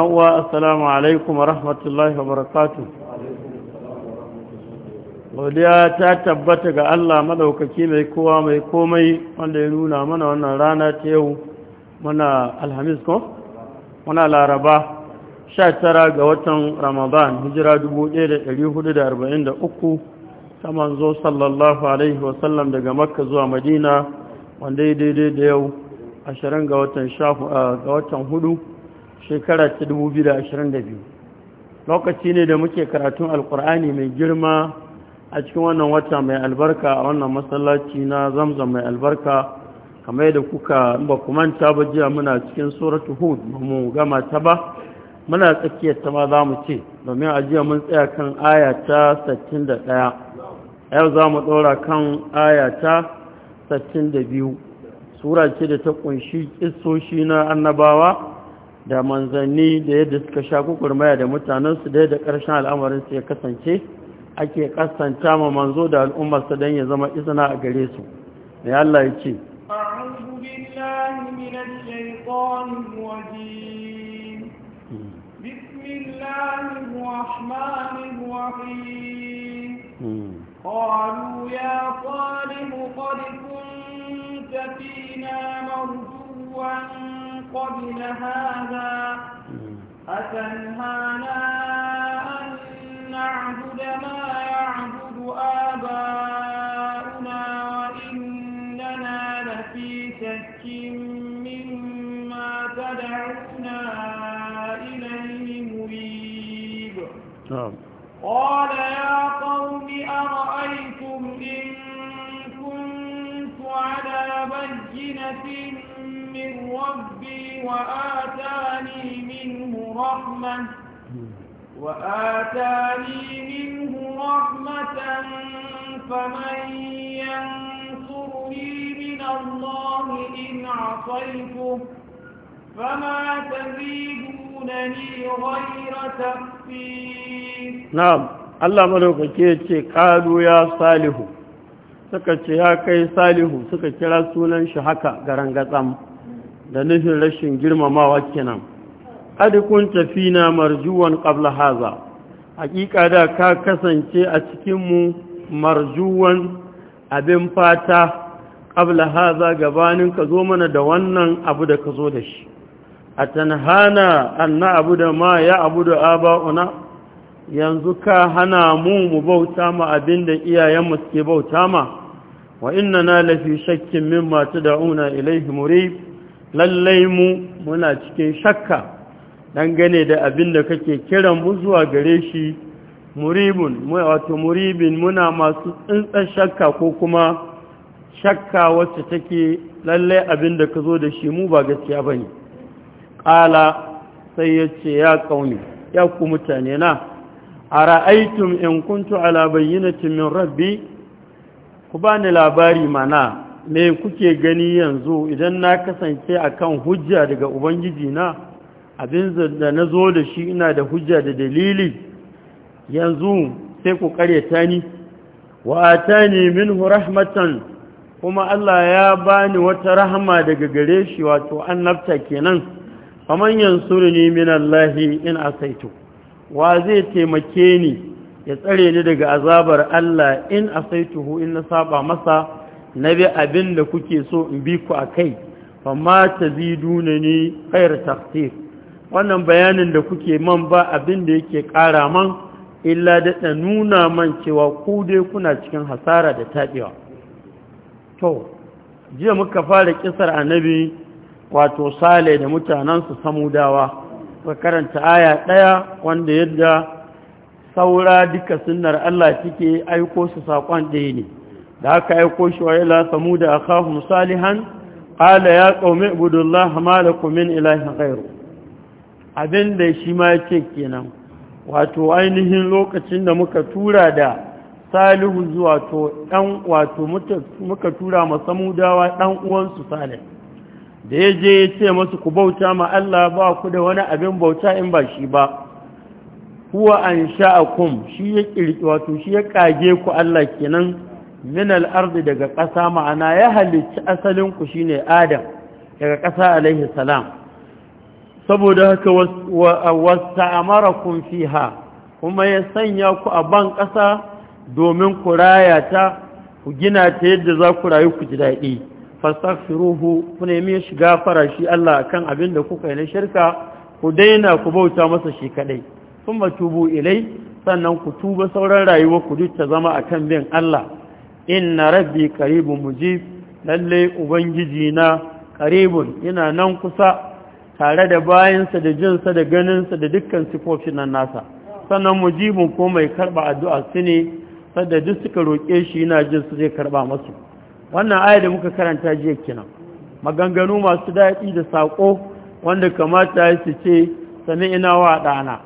uwa assalamu alaikum wa rahmatullahi wa barakatu godiya ta tabbata ga Allah madaukaki mai kowa mai komai wanda ya nuna mana wannan rana ta yau muna alhamis ko? muna laraba 19 ga watan ramadan hijira 1443 ta manzo sallallahu alaihi wasallam daga makka zuwa madina wanda ya daidai da yau 20 ga watan eh, hudu shekara ta 2022 lokaci ne da muke karatun alkur'ani mai girma a cikin wannan wata mai albarka a wannan masallaci na zamzam mai albarka kamar da kuka ba manta ba jiya muna cikin suratu hud ba mu gama ta ba muna tsakiyar ta ma za mu ce domin a jiya mun tsaya kan aya ta 61 yau za mu ɗora kan aya ta biyu. sura ce da ta ƙunshi ƙisoshi na annabawa da manzanni da yadda suka sha kukurmaya da mutanensu da yadda ƙarshen al'amarin su ya kasance ake kasanta ma manzo da al'ummarsa don ya zama izina a gare su mai Allah ya ce فينا مرجوا قبل هذا أتنهانا أن نعبد ما يعبد آباؤنا وإننا لفي شك مما تدعونا إليه مريب نعم. قال يا قوم أرأيتم إن كنت على بينة من ربي وآتاني منه رحمة وآتاني منه رحمة فمن ينصرني من الله إن عصيته فما تزيدونني غير تكفير نعم Allah malaukake ya ce ƙalu ya salihu suka ce ya kai salihu suka kira sunan shi haka garan gatsam da nufin rashin girmamawa kenan adikun kunta na marjuwan ƙabla haza hakika da ka kasance a cikinmu marjuwan abin fata ƙabla haza gabanin ka zo mana da wannan abu da ka zo da shi a tanhana na abu da ma ya abu da aba'una yanzu ka hana mu mu bauta ma abin da iyayenmu suke bauta ma wa inna na lafi shakkin min mata da'una ilaihi murib lallai mu muna cikin shakka dangane da abin da kake kiran mu zuwa gare shi muribun wato muribin muna masu tsintsar shakka ko kuma shakka wacce take lallai abin da ka zo da shi mu ba gaskiya ba ne ƙala sai ya ce ya ƙauni ya ku mutane na Ara ra'aitum in kuntu ala bayyanatin min rabbi ku bani ni labari mana me kuke gani yanzu idan na kasance a kan hujja daga ubangiji na abin da na zo da shi ina da hujja da dalili yanzu sai ku karyata ni wa ni minhu rahmatan kuma Allah ya bani wata rahama daga gare shi wato annabta kenan faman yansuruni min Allah in asaitu wa zai taimake ni ya tsare ni daga azabar Allah in asaituhu in na saba masa na bi abin da kuke so in bi ku a kai amma ta duna ne kayar tafsir wannan bayanin da kuke man ba abin da yake ƙara man illa da nuna man cewa ku dai kuna cikin hasara da taɓewa to jiya muka fara kisar annabi wato sale da mutanensu samudawa ka karanta aya ɗaya wanda yadda saura duka sunnar Allah take aiko su saƙon ɗaya ne da aka aiko shi wa ila samuda akhahum salihan qala ya qaumi ibudullaha ma lakum min ilahin Abin abinda shi ma ce kenan wato ainihin lokacin da muka tura da salihu zuwa to ɗan wato muka tura ma dawa ɗan uwansu salih da ya je ya ce masu ku bauta ma Allah ba ku da wani abin bauta in ba shi ba huwa an sha'akum shi ya ƙirƙi. wato shi ya ƙage ku Allah kenan min al'ardi daga ƙasa ma'ana ya halicci asalin ku shine adam daga ƙasa alaihi salam saboda haka wasta fi ha, kuma ya sanya ku a ban ƙasa domin ku raya ta ku gina ta yadda za ku rayu ku ji daɗi fastaghfiruhu ku nemi shiga fara shi Allah kan abin da kuka yi na shirka ku daina ku bauta masa shi kaɗai kuma tubu ilai sannan ku tuba sauran rayuwa ku duk ta zama akan bin Allah inna rabbi qaribun mujib lalle ubangiji na qaribun yana nan kusa tare da bayansa da jinsa da ganinsa da dukkan sifofin nan nasa sannan mujibun ko mai karba addu'a su ne sadda duk suka roƙe shi yana jin su zai karba masu wannan aya da muka karanta jiya kenan maganganu masu daɗi da sako wanda kamata ya su ce sami ina wa ɗana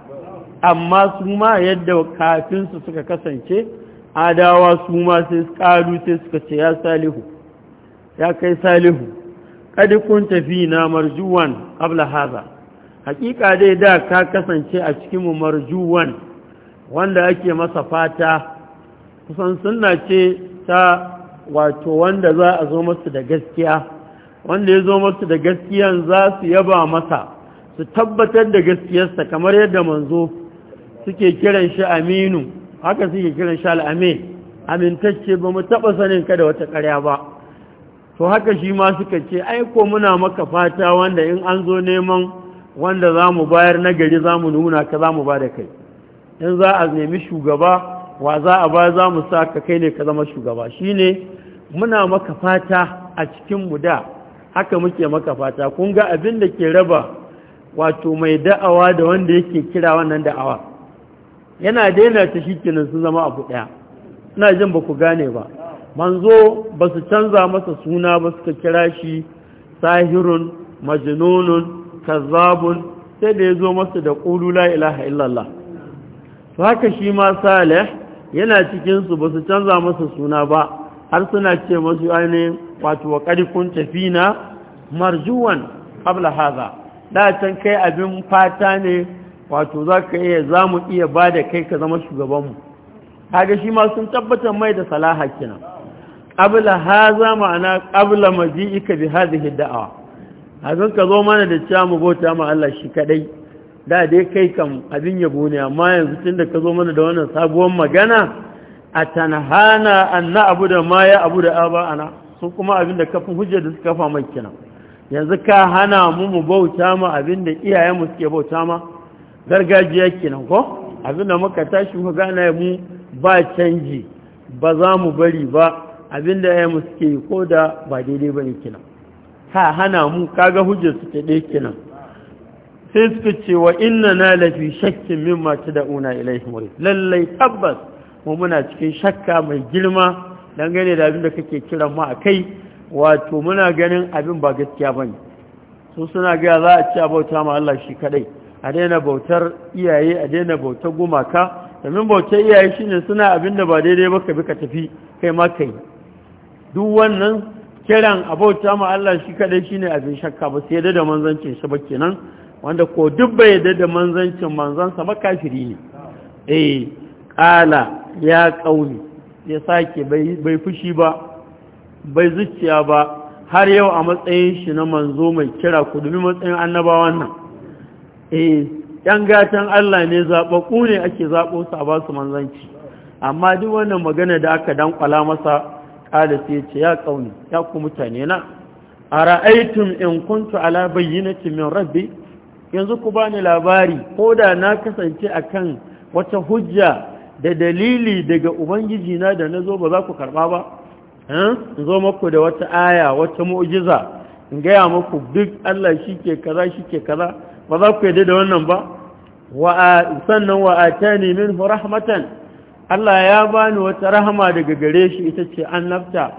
amma su ma yadda kafin su suka kasance adawa su ma sai su karu sai suka ce ya salihu ya kai salihu kadi kun tafi na marjuwan abla haza hakika dai da ka kasance a cikin mu marjuwan wanda ake masa fata kusan sunna ce ta wato wanda za a zo masu da gaskiya wanda ya zo masu da gaskiyan za su yaba masa su tabbatar da gaskiyarsa kamar yadda manzo suke kiran shi aminu haka suke kiran shal amin amintacce ba mu taɓa sanin ka da wata ƙarya ba to haka shi ma suka ce aiko muna maka fata wanda in an zo neman wanda za mu bayar na gari za mu nuna ka za mu ba da kai in za a nemi shugaba wa za a ba za mu sa ka kai ne ka zama shugaba shi ne muna maka fata a cikinmu da haka muke maka fata kun ga abin da ke raba wato mai da'awa da wanda yake kira wannan da'awa yana daina ta shi kenan sun zama abu ɗaya ina jin ba ku gane ba manzo ba su canza masa suna ba suka kira shi sahirun majnunun kazzabun sai da ya zo masa da ƙulula la ilaha illallah to haka shi ma salih yana cikinsu ba su canza masa suna ba har suna ce masu ainihin wato wa ƙarfin tafi na marjuwan ƙabla haza da can kai abin fata ne wato za ka iya za mu iya ba da kai ka zama shugabanmu haka shi ma sun tabbatar mai da salaha kina. ƙabla haza ma'ana ƙabla maji'ika bi hadhihi da'awa hazan ka zo mana da cewa mu bauta ma Allah shi kadai da dai kai kam abin yabo ne amma yanzu tunda ka zo mana da wannan sabuwar magana a tanhana an na abu da ma ya abu da aba ana sun kuma abin da kafin hujjar da suka fama kina. yanzu ka hana mu mu bauta ma abin da iyayenmu suke bauta ma gargajiya kenan ko abinda muka tashi muka gana mu ba canji ba za mu bari ba abinda ya mu suke ko da ba daidai bane kenan ha hana mu kaga hujjar su ta dai kenan sai suka ce wa inna na lafi shakkin min ta da'una ilaihi murid lallai tabbas mu muna cikin shakka mai girma dangane da abinda kake kiran mu akai wato muna ganin abin ba gaskiya bane su suna ga za a ci abauta ma Allah shi kadai a daina bautar iyaye a daina bautar gumaka domin bautar iyaye shine suna abin da ba daidai ba ka bi ka tafi kai ma kai duk wannan kiran a bauta ma Allah shi kadai shine abin shakka ba sai da manzancin shi ba kenan wanda ko duk bai yadda da manzancin manzansa ba kafiri ne eh qala ya qauli ya sake bai fushi ba bai zuciya ba har yau a matsayin shi na manzo mai kira ku dubi matsayin annabawan nan eh yan gatan Allah ne zaɓaɓɓu ne ake zaɓo su a ba su manzanci amma duk wannan magana da aka dankwala masa ƙada sai ce ya ƙauni ya ku mutane na a ra'aitun in kuntu ala na min rabbi yanzu ku bani labari ko da na kasance a kan wata hujja da dalili daga ubangiji na da nazo ba za ku karɓa ba in zo muku da wata aya wata mu'jiza in gaya muku duk Allah shike kaza shike kaza ba za ku yadda da wannan ba sannan wa atani min rahmatan Allah ya bani wata rahama daga gare shi ita ce an nafta.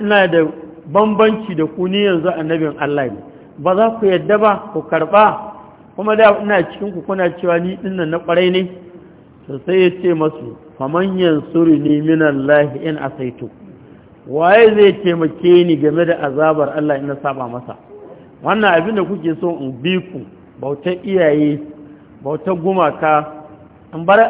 ina da bambanci da ku ni yanzu annabin Allah ne ba za ku yadda ba ku karba kuma da ina cikin ku kuna cewa ni dinnan na kwarai ne to sai ya ce masu faman yansuri ni Allah in asaitu waye zai taimake ni game da azabar Allah in na saba masa wannan abin da kuke so in bi ku bautan iyaye bautan gumaka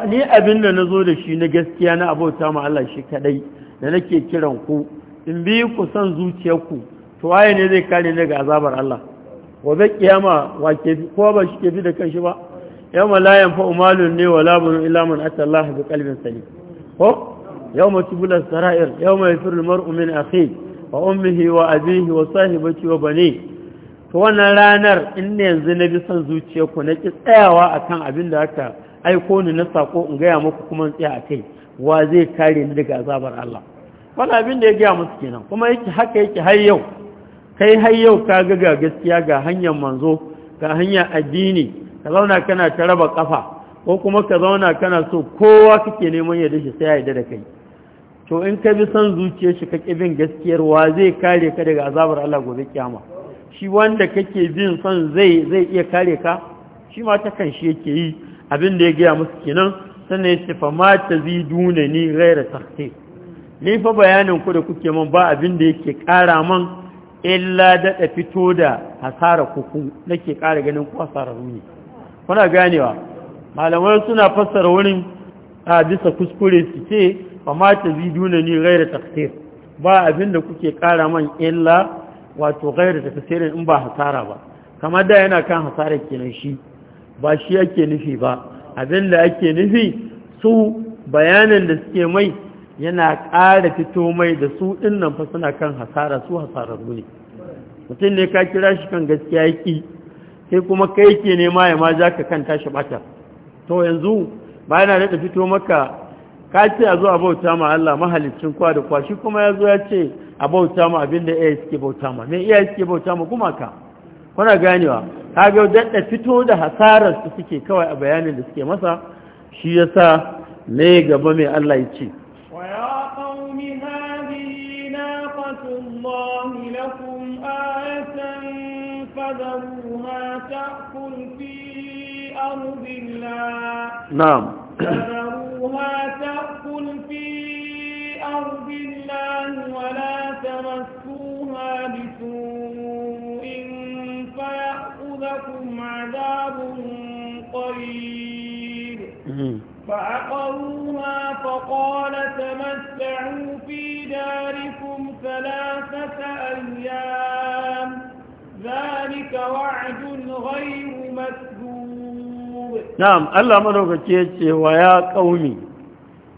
ni abin da na zo da shi na gaskiya na abauta ma Allah shi kadai da nake kiran ku in bi ku san zuciyarku to waye ne zai kare ni daga azabar Allah gobe kiyama ke ko ba shi ke fi da kanshi ba yawma la yanfa umalun ne wala bun illa man ata Allah bi qalbin salim ko yawma tubul sarair yawma yafiru al mar'u min akhihi wa ummihi wa abihi wa sahibati wa banihi to wannan ranar in ne yanzu na bi son zuciyarku na ki tsayawa a kan abin da aka aiko ni na sako in gaya muku kuma tsaya a kai wa zai kare ni daga azabar Allah Wannan abin da ya gaya musu kenan kuma yake haka yake har yau kai har yau ka ga ga gaskiya ga hanyar manzo ga hanyar addini ka zauna kana ta raba kafa ko kuma ka zauna kana so kowa kake neman ya dashi sai ya yarda da kai to in ka bi son zuciyar shi ka bin gaskiyar wa zai kare ka daga azabar Allah gobe kiyama shi wanda kake bin son zai zai iya kare ka shi ma ta kanshi yake yi abin da ya gaya musu kenan sannan ya ce ma ta duna ni gaira tahqiq ni fa bayanin ku da kuke man ba abin da yake ƙara man illa daɗa fito da hasara kuku nake ƙara ganin ku hasara ne kuna ganewa malamai suna fassara wurin a bisa kuskure su ce fa ma ta duna ni gaira taksir ba abin da kuke ƙara man illa wato gairu tafsirin in ba hasara ba kamar da yana kan hasara kenan shi ba shi yake nufi ba abin da yake nufi su bayanin da suke mai yana ƙara fito mai da su ɗinnan fa suna kan hasara su hasara ne mutum ne ka kira shi kan gaskiya yaki sai kuma kai yake nema ya ma za ka kan tashi bata to yanzu ba yana daɗa fito maka ka ce a zuwa bauta ma Allah mahalicin kwa da kwa shi kuma ya ya ce a bauta ma abin da iyaye suke bauta ma me iyaye suke bauta ma kuma ka, kuna ganewa kaga dadda fito da hasarar su suke kawai a bayanin da suke masa shi yasa ne gaba mai Allah ya ce wa ya qaumi hadhihi naqatullahi na'am النار بالله ولا تمسوها بسوء فيأخذكم عذاب قريب فعقروها فقال تمتعوا في داركم ثلاثة أيام ذلك وعد غير مكذوب نعم الله منوك تيتي ويا قومي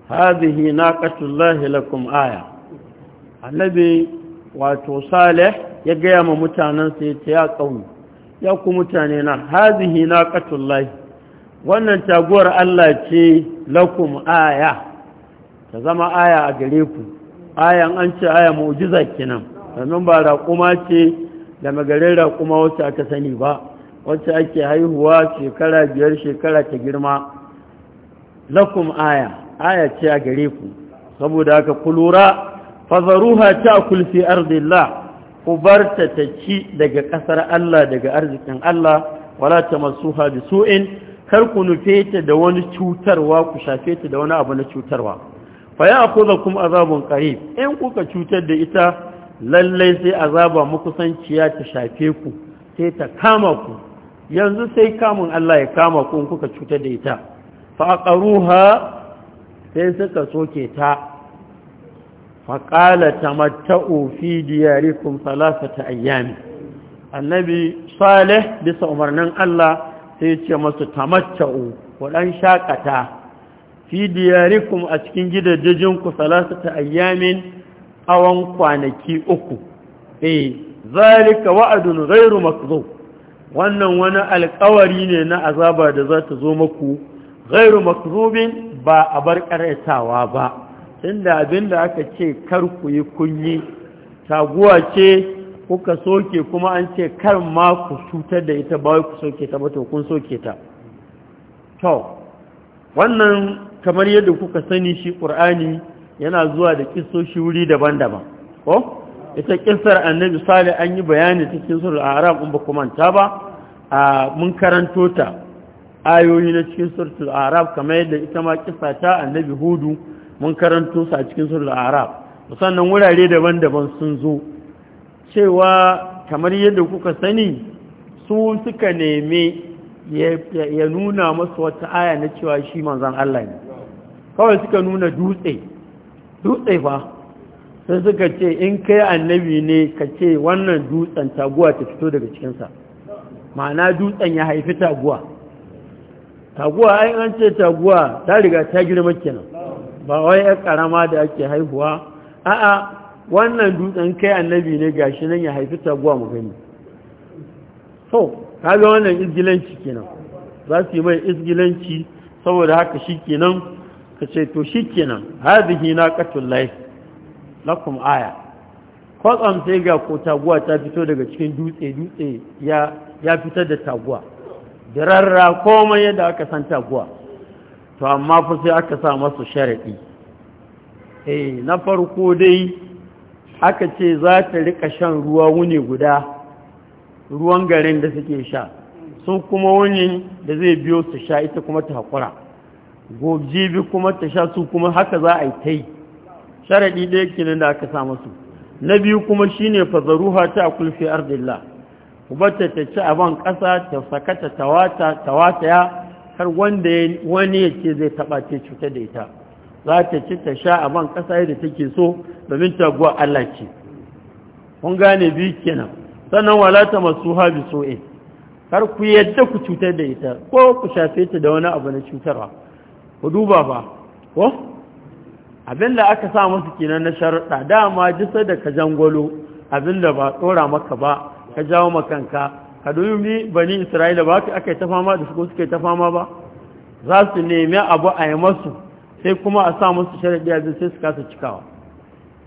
hadhihi naqatullahi lakum aya annabi wato salih ya gaya ma mutanensa ya ce ya kauni ya ku mutane na hazihi na katullahi wannan taguwar Allah ce lakum aya ta zama aya a gare ku Aya an ce aya mu'jiza kenan domin ba raƙuma ce da magarin raƙuma wacce aka sani ba wacce ake haihuwa shekara biyar shekara ta girma lakum aya aya ce a gare ku saboda haka kulura fazaruha ta'kul kulfi ardillah ku barta ta ci daga kasar Allah daga arzikin Allah wala ta Su su'in kar ku nufe ta da wani cutarwa ku shafe ta da wani abu na cutarwa fa ya kuma azabun qarib in kuka cutar da ita lallai sai azaba makusanciya ta shafe ku sai ta kama ku yanzu sai kamun Allah ya kama ku in kuka cutar da ita fa aqruha sai suka soke ta faƙala ta matta'u fi diyarikun salasata ayyami annabi salih bisa umarnin Allah sai ce masu ta matta'u waɗan shaƙata fi diyarikun a cikin gidajejinku salasata ayyamin awon kwanaki uku eh zalika wa'adun ghairu makzo wannan wani alƙawari ne na azaba da za ta zo maku ghairu makzubin ba a bar ƙaraitawa ba inda abin da aka ce kar ku yi kunyi taguwa ce kuka soke kuma an ce kar ma ku cutar da ita ba ku soke ta ba to kun soke ta to wannan kamar yadda kuka sani shi ƙur'ani yana zuwa da ƙisoshi wuri daban-daban ko ita ƙisar annabi sale an yi bayani cikin surul arab in ba ku manta ba mun karanto ta ayoyi na cikin suratul arab kamar yadda ita ma kisa ta annabi hudu mun karanto su a cikin suratul arab sannan wurare daban-daban sun zo cewa kamar yadda kuka sani su suka neme ya nuna masu wata aya na cewa shi manzan Allah ne kawai suka nuna dutse dutse fa sai suka ce in kai annabi ne ka ce wannan dutsen taguwa ta fito daga cikinsa ma'ana dutsen ya haifi taguwa taguwa ai an ce taguwa ta riga ta girma kenan ba wai ya karama da ake haihuwa a'a wannan dutsen kai annabi ne gashi nan ya haifi taguwa mu gani so ga wannan izgilanci kenan za su yi mai isgilanci saboda haka shikenan ka ce to shikenan hadhihi naqatul lahi lakum aya kwatsam sai ga ko taguwa ta fito daga cikin dutse dutse ya ya fitar da taguwa dirarra komai yadda aka san taguwa to amma fa sai aka sa masu sharaɗi eh na farko dai aka ce za ta rika shan ruwa wuni guda ruwan garin da suke sha sun kuma wuni da zai biyo su sha ita kuma ta haƙura gojibi kuma ta sha su kuma haka za a yi ta yi sharaɗi ɗaya kenan da aka sa masu na biyu kuma shine fazaruha ta kulfi ardillah ku ta ci abin ƙasa ta sakata wata ya har wanda wani ya ce zai taɓa ce cuta da ita za ta ci ta sha abin ƙasa yadda take so domin guwa Allah ce kun gane biyu kenan sannan wala ta masu habi in. har ku yadda ku cutar da ita ko ku shafe ta da wani abu na cutarwa ku duba ba ko abin da aka sa masu kenan na sharuɗa dama jisa da ka jangwalo abin da ba tsora maka ba ka jawo makanka ka dubi bani isra'ila ba aka yi ta fama da su yi ta fama ba za su nemi abu a yi masu sai kuma a sa musu sharaɗi a sai su kasa cikawa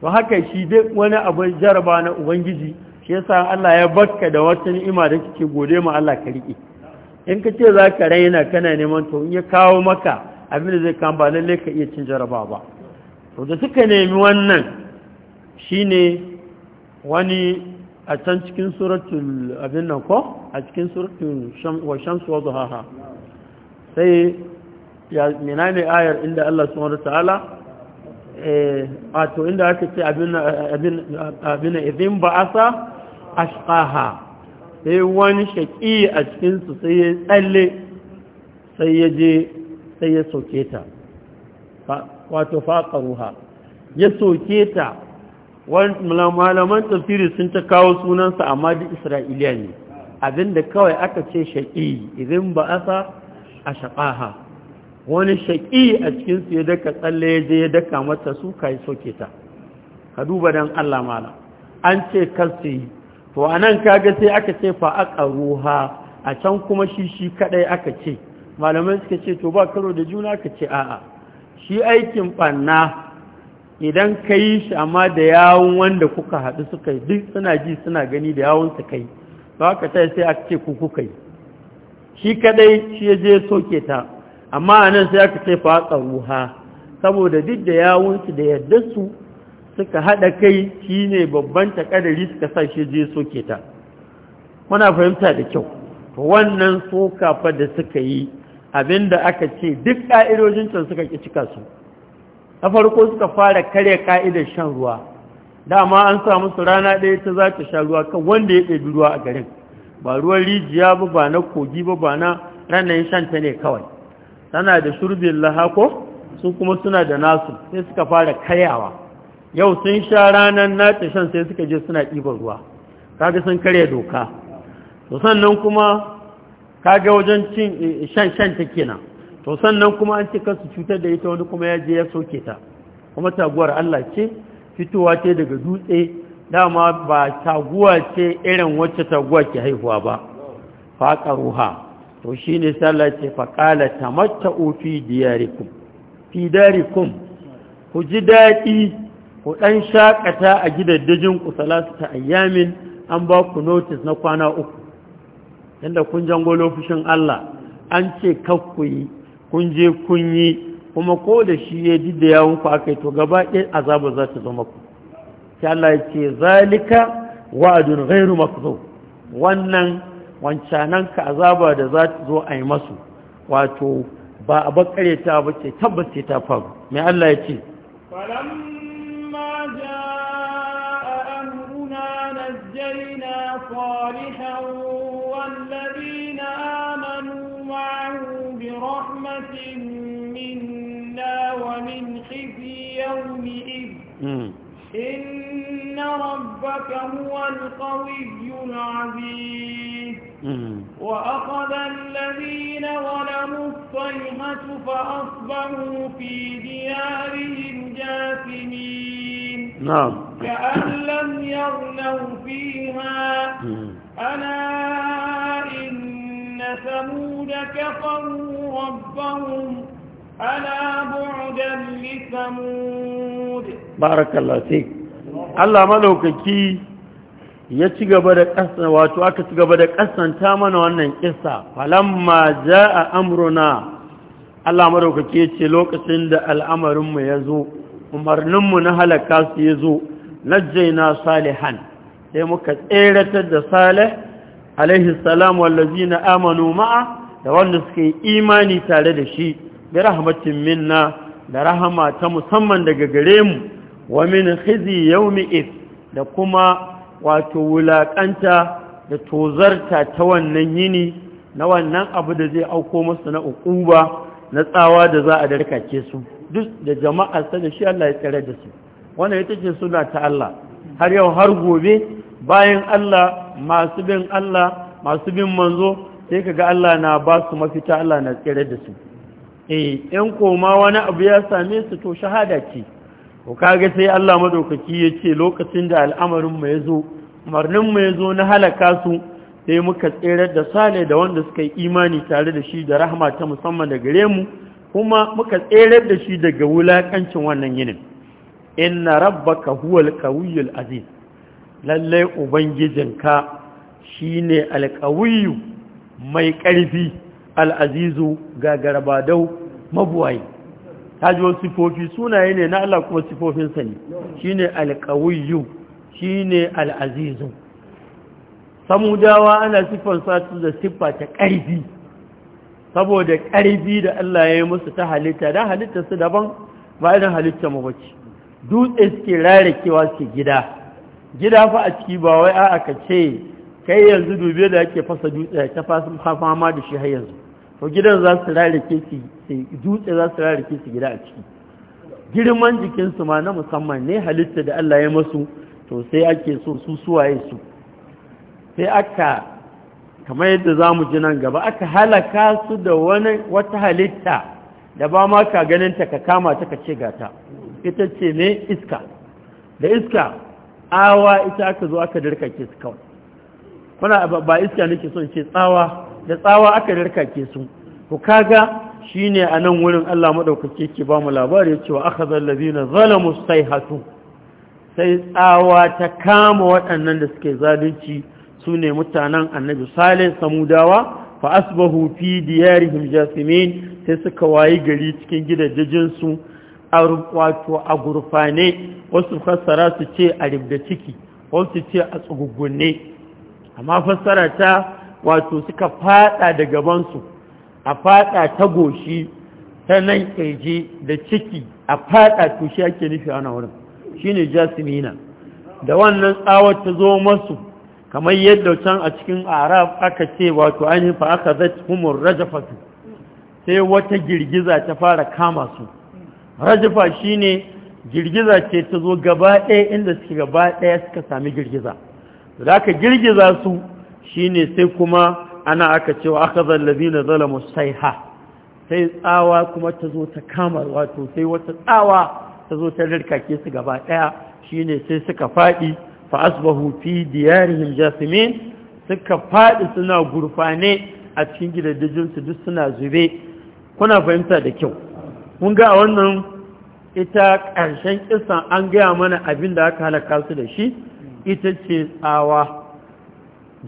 Ba haka shi dai wani abu jaraba na ubangiji shi yasa Allah ya barka da wata ni'ima da kike gode ma Allah ka riƙe in ka ce za ka raina kana neman to in ya kawo maka abin da zai kan ba lalle ka iya cin jaraba ba to da suka nemi wannan shine wani a can cikin suratul abin nan ko a cikin suratul shamsu wa zuhaha sai ya mina ne ayar inda Allah subhanahu ta'ala eh to inda aka ce abin abin abin idin ba'asa ashqaha sai wani shaqi a cikinsu sai ya tsalle sai ya je sai ya soke ta wato faqaruha ya soke ta malaman tafsiri sun ta kawo sunansa amma duk isra'iliya ne abinda kawai aka ce shaƙi idan ba sa a shaƙaha wani shaƙi a cikinsu ya daka tsalle ya je ya daka mata su ka yi soke ta ka duba don allah mala an ce kasu to a nan kaga sai aka ce fa aka ruha a can kuma shi shi kaɗai aka ce malamai suka ce to ba karo da juna Aka ce a'a shi aikin ɓanna idan ka yi shi amma da yawon wanda kuka haɗu suka yi duk suna ji suna gani da yawon su kai ba ka ta sai aka ce ku kuka yi shi kadai shi ya je soke ta amma a nan sai aka ce fatsa ruha saboda duk da yawunsu da yadda su suka haɗa kai shi ne babban takadari suka sa shi je soke ta muna fahimta da kyau to wannan soka fa da suka yi abinda aka ce duk ƙa'idojin can suka ƙi cika su na farko suka fara karya ka'idar shan ruwa dama an sa musu rana ɗaya ta za ta sha ruwa kan wanda ya ɗebi ruwa a garin ba ruwan rijiya ba ba na kogi ba ba na ranar ta ne kawai tana da shurbin lahako sun kuma suna da nasu sai suka fara karyawa yau sun sha ranar nata shan sai suka je suna ɗiban ruwa kaga sun karya doka to sannan kuma kaga wajen cin eh, shan shan ta kenan to sannan kuma an ce su cutar da ita wani kuma ya je ya soke ta kuma taguwar Allah ce fitowa ce daga dutse dama ba taguwa ce irin wacce taguwa ke haihuwa ba faƙaruha to shine ne sallah ce faƙala ta matta ofi diyarikum fi darikum ku ji daɗi ku ɗan shaƙata a gidaddajin ku salatu ta ayyamin an ba ku notis na kwana uku yadda kun jango lofishin Allah an ce kakkuyi kun je kun yi kuma ko da shi ya ji da yawon ku aka yi to gaba ɗaya azaba za ta zama ku shi Allah ya ce zalika wa'adun ghairu makzo wannan wancanan ka azaba da za ta zo a yi masu wato ba a bakare ta ba ce tabbas ce ta faru mai Allah ya ce منا ومن خفي يومئذ إن ربك هو القوي العزيز وأخذ الذين ظلموا الصيحة فأصبحوا في ديارهم جاثمين نعم كأن لم يغنوا فيها ألا ثمود كفروا ربهم ألا بعدا لثمود بارك الله فيك الله كي ya ci gaba da ƙasa wato aka ci gaba da ƙasanta mana wannan ƙisa falamma za a amruna Allah madaukake ce lokacin da al'amarinmu ya zo umarninmu na halaka ya zo na najjaina salihan sai muka tseratar da salih alaihi salam wallazina amanu ma'a da wanda suka yi imani tare da shi bi rahmatin minna da rahama ta musamman daga gare mu wa min khizi yawmi id da kuma wato wulakanta da tozarta ta wannan yini na wannan abu da zai auko musu na ukuba na tsawa da za a darkace su duk da jama'a sa da shi Allah ya tsare da su wannan ita ce suna ta Allah har yau har gobe bayan Allah masu bin Allah masu bin manzo sai ka ga Allah na ba su mafita Allah na tsere da su eh 'yan koma wani abu ya same su to shahada ce ko kage sai Allah madaukaki ce lokacin da al'amarin mu yazo umarnin mu zo na halaka su sai muka tsere da sale da wanda suka yi imani tare da shi da rahama ta musamman da gare mu kuma muka tsere da shi daga wulakancin wannan yinin inna rabbaka huwal qawiyyul aziz lallai ubangijinka shi ne alkawiyu mai ƙarfi al'azizu ga garba mabuwayi ta ji wasu sifofi sunaye ne na Allah kuma sifofinsa ne shi ne alkawiyu shi ne al'azizu samudawa ana siffansa su da siffa ta ƙarfi saboda ƙarfi da Allah ya yi musu ta halitta don halittarsu daban ba irin halittar ce. dutse suke rarakewa suke gida gida fa a ciki ba wai a ka ce kai yanzu dubi da ake fasa dutse ta fasa fama da shi har yanzu to gidan za su rarrake su dutse za su rarrake su gida a ciki girman jikinsu ma na musamman ne halitta da Allah ya masu to sai ake so su suwaye su sai aka kamar yadda za mu ji nan gaba aka halaka su da wani wata halitta da ba ma ka ganin ta ka kama ta ka ce gata ita ce ne iska da iska tsawa ita aka zo aka darkake su kawai kuna ba iska nake son ce tsawa da tsawa aka darkake su ku kaga shine a nan wurin Allah madaukake ke ba mu labari cewa akhadha na zalamu sayhatu sai tsawa ta kama waɗannan da suke zalunci su ne mutanen annabi salih samudawa fa asbahu fi diyarihim jasimin sai suka wayi gari cikin gidajensu a wato a gurfane wasu fassara su ce a ribda ciki wasu ce a tsugugunne amma fassara ta wato suka fada da gabansu a fada ta goshi ta nan ƙirji da ciki a fada tushe ake nufi a wurin shine Jasmina. da wannan tsawar ta zo masu kamar yadda can a cikin arab aka ce wato ainihin fa aka zai humur rajafatu sai wata girgiza ta fara kama su rajafa shine girgiza ce ta zo gaba ɗaya inda suke gaba ɗaya suka sami girgiza da aka girgiza su shine sai kuma ana aka cewa aka zallabi na zalamu sai ha sai tsawa kuma ta zo ta kama wato sai wata tsawa ta zo ta ke su gaba ɗaya shine sai suka faɗi fa asbahu fi diyarihim jasimin suka faɗi suna gurfane a cikin gidajen su duk suna zube kuna fahimta da kyau mun ga a wannan ita ƙarshen ƙisan an gaya mana abin da aka halaka su da shi ita ce tsawa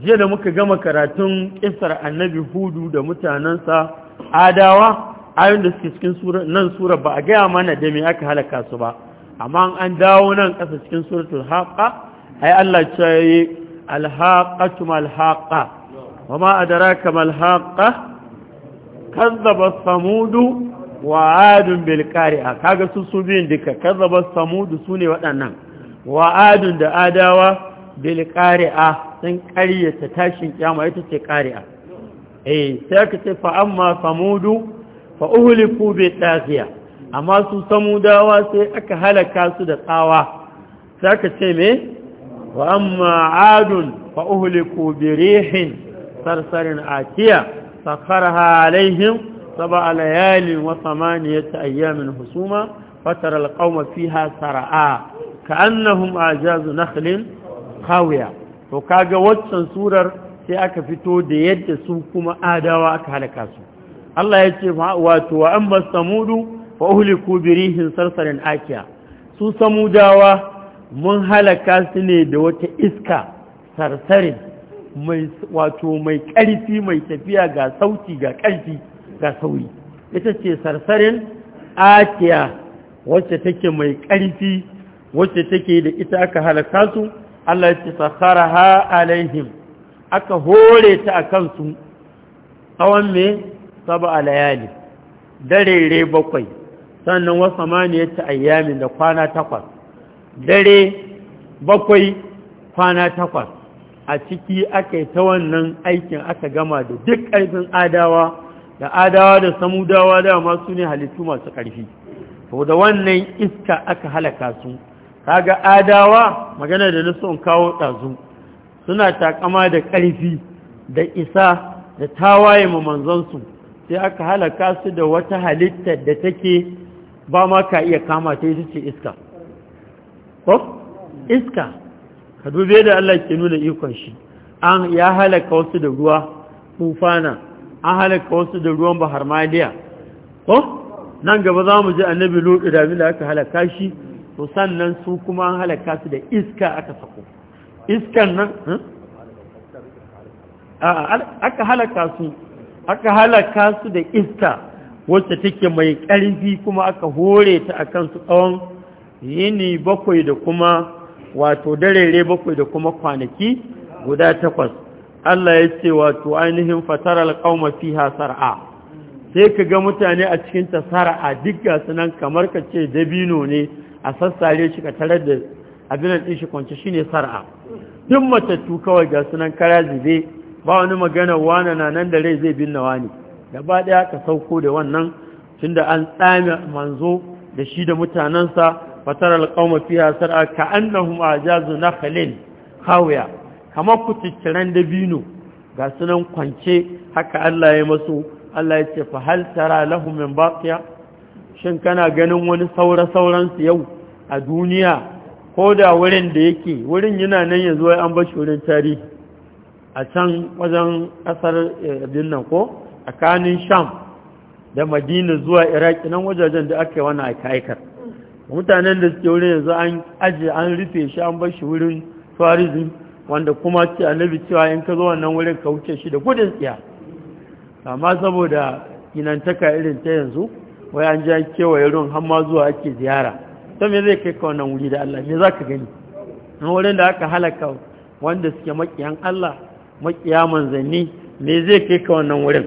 jiya da muka gama karatun ƙisar annabi hudu da mutanensa adawa ayon da suke cikin nan sura ba a gaya mana da mai aka halaka su ba amma an dawo nan ƙasa cikin suratul a ai Allah ce yi alhaqatu mal wa ma ka mal kan zaba samudu wa adun bil qari'a kaga su su biyin duka kazzaba samud su ne waɗannan wa adun da adawa bil qari'a sun ƙaryata tashin kiyama ita ce qari'a eh sai ka ce fa amma samud fa uhliku bi taghiya amma su samudawa sai aka halaka su da tsawa sai ka ce me wa amma adun fa uhliku bi rihin sarsarin atiya sakharaha alaihim سبع ليال وثمانية أيام حسوما فترى القوم فيها سرعا كأنهم أعجاز نخل خاوية وكاقا واتسان سورة في تود يد سوكما آدوا أكهلكا سو الله يتفع واتوا وأما السمود فأهلكوا بريه صرصر آكيا سو samudawa mun halaka su ne da wata iska sarsarin wato mai ƙarfi mai tafiya ga sauti ga ƙarfi ga ita ce sarsarin atiya wacce take mai ƙarfi wacce take da ita aka halaka su Allah ya sakhara ha alaihim aka hore ta a kansu tsawon me saba a layali dare bakwai sannan wasu maniyar ta ayyami da kwana takwas dare bakwai kwana takwas a ciki aka yi ta wannan aikin aka gama da duk ƙarfin adawa da adawa da samudawa dama su ne halittu masu ƙarfi to da wannan iska aka halaka su kaga adawa magana da na son kawo ɗazu suna takama da ƙarfi da isa da tawaye ma manzansu sai aka halaka su da wata halitta da take ba ma ka iya kama ta ita ce iska ko iska ka dube da Allah ke nuna ikon shi an ya halaka wasu da ruwa tufana an halaka wasu da ruwan bahar maliya ko nan gaba za mu ji annabi lodi da da aka halaka shi to sannan su kuma an halaka su da iska aka sako iskan nan hmm? aka halaka su aka halaka su da iska wacce take mai ƙarfi kuma aka hore ta a kansu tsawon yini bakwai da kuma wato darere bakwai da kuma kwanaki guda takwas Allah ya ce wato ainihin fataral qauma fiha sar'a sai ka ga mutane a cikin ta sar'a duk su nan kamar ka ce dabino ne a sassare shi ka tarar da abin din shi kwance shine sar'a duk matattu kawai ga sunan kara zube ba wani magana wani na nan da rai zai binna wani gaba daya ka sauko da wannan tunda an tsame manzo da shi da mutanansa fataral qauma fiha sar'a ka annahum ajazu nakhlin khawiya kamar da dabino ga sunan kwance haka Allah ya masu Allah ya ce fa hal tara lahum min baqiya shin kana ganin wani saura sauran yau a duniya ko da wurin da yake wurin yana nan yanzu ai an bashi wurin tarihi a can wajen kasar eh, abin ko tsakanin sham da madina zuwa iraki nan wajajen da aka yi wani aika mutanen da suke wurin yanzu an ajiye an rufe shi an bashi wurin tourism wanda kuma ce annabi cewa in ka zo wannan wurin ka wuce shi da gudun tsiya amma saboda inantaka irin ta yanzu wai an ji an kewaye ruwan har ma zuwa ake ziyara to me zai kai ka wannan wuri da Allah me zaka gani nan wurin da aka halaka wanda suke makiyan Allah makiya manzanni me zai kai ka wannan wurin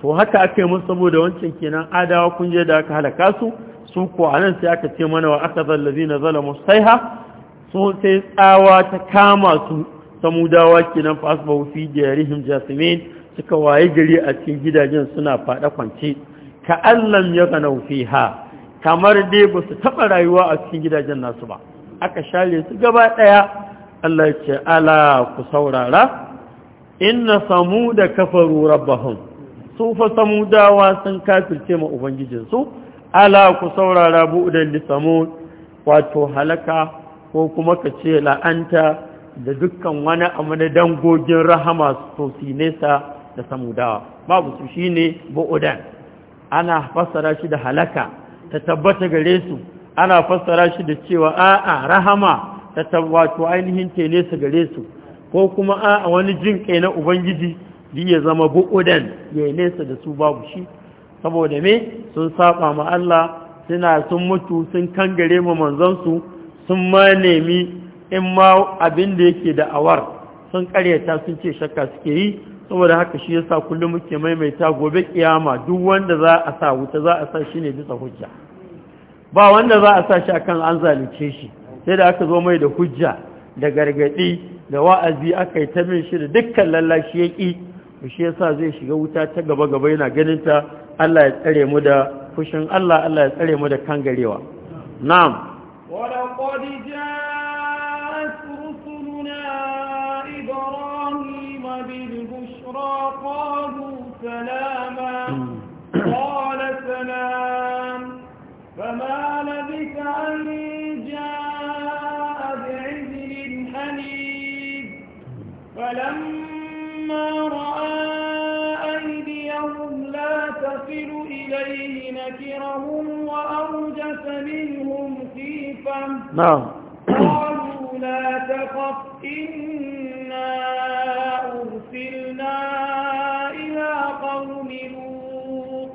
to haka aka yi musu saboda wancan kenan adawa kun je da aka halaka su su ko anan sai aka ce mana wa akadhal ladina zalamu sayha su sai tsawa ta kama su samudawa kenan fa da fi diyarihim jasimin suka waye gari a cikin gidajen suna fada kwance ka allam yaghanu ha. kamar dai ba su taba rayuwa a cikin gidajen nasu ba aka share su gaba daya Allah ya ce ala ku saurara inna samuda kafaru rabbahum su fa samudawa sun kafirce ma ubangijinsu ala ku saurara bu'dan li samud wato halaka ko kuma ka ce la'anta da dukkan wani abu na dangogin rahama to su nesa da samudawa babu su shi ne bu'udan ana fassara shi da halaka ta tabbata gare su ana fassara shi da cewa a'a rahama ta tabbato ainihin ce nesa gare su ko kuma a'a wani jin na ubangiji da ya zama bu'udan ya yi nesa da su babu shi saboda me sun saba ma Allah suna sun mutu sun kangare ma manzansu sun ma nemi in ma abin da yake da awar sun karyata sun ce shakka suke yi saboda haka shi yasa kullum muke maimaita gobe kiyama duk wanda za a sa wuta za a sa shi ne bisa hujja ba wanda za a sa shi akan an zalunce shi sai da aka zo mai da hujja da gargadi da wa'azi aka yi ta min shi da dukkan lallashi ya ki shi yasa zai shiga wuta ta gaba gaba yana ganin ta Allah ya tsare mu da fushin Allah Allah ya tsare mu da kangarewa na'am wa laqad إبراهيم بالبشرى قالوا سلاما قال سلام فما لبث أن جاء بعزل حنيف فلما رأى أيديهم لا تصل إليه نكرهم وأوجس منهم خيفا نعم لا تخف إنا أرسلنا إلى قوم لوط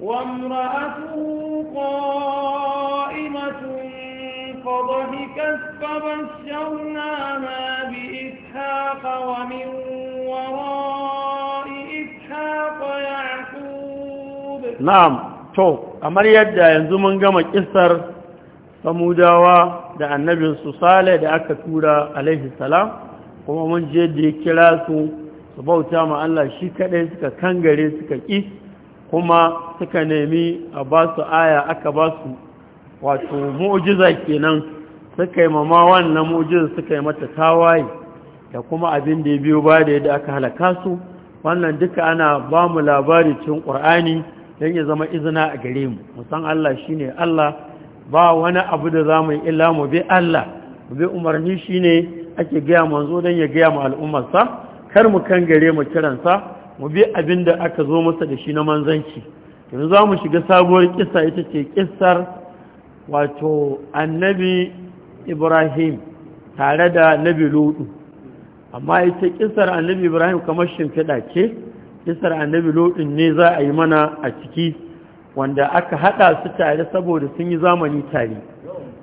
وامرأته قائمة فضحكت فبشرناها بإسحاق ومن وراء إسحاق يعقوب نعم تو أمر yadda yanzu mun gama إسر samudawa da annabinsu salih da aka tura alaihi salam kuma mun je da ya kira su su bauta ma Allah shi kaɗai suka kangare suka ƙi kuma suka nemi a ba su aya aka ba su wato mu'ujiza kenan suka yi mama wannan mu'ujiza suka yi mata tawaye da kuma abin da ya biyo ba da yadda aka halaka su wannan duka ana ba mu labari cikin ƙur'ani don ya zama izina a gare mu musan Allah shine Allah ba wani abu da za mu yi illa mu bi Allah mu bi umarni shi ne ake gaya manzo don ya gaya ma al'ummarsa kar mu kan gare mu kiransa mu bi abin da aka zo masa da shi na manzanci yanzu za mu shiga sabuwar kissa ita ce kissar wato annabi ibrahim tare da nabi lodu amma ita kissar annabi ibrahim kamar shimfiɗa ce kissar annabi lodu ne za a yi mana a ciki wanda aka hada su tare saboda sun yi zamani tare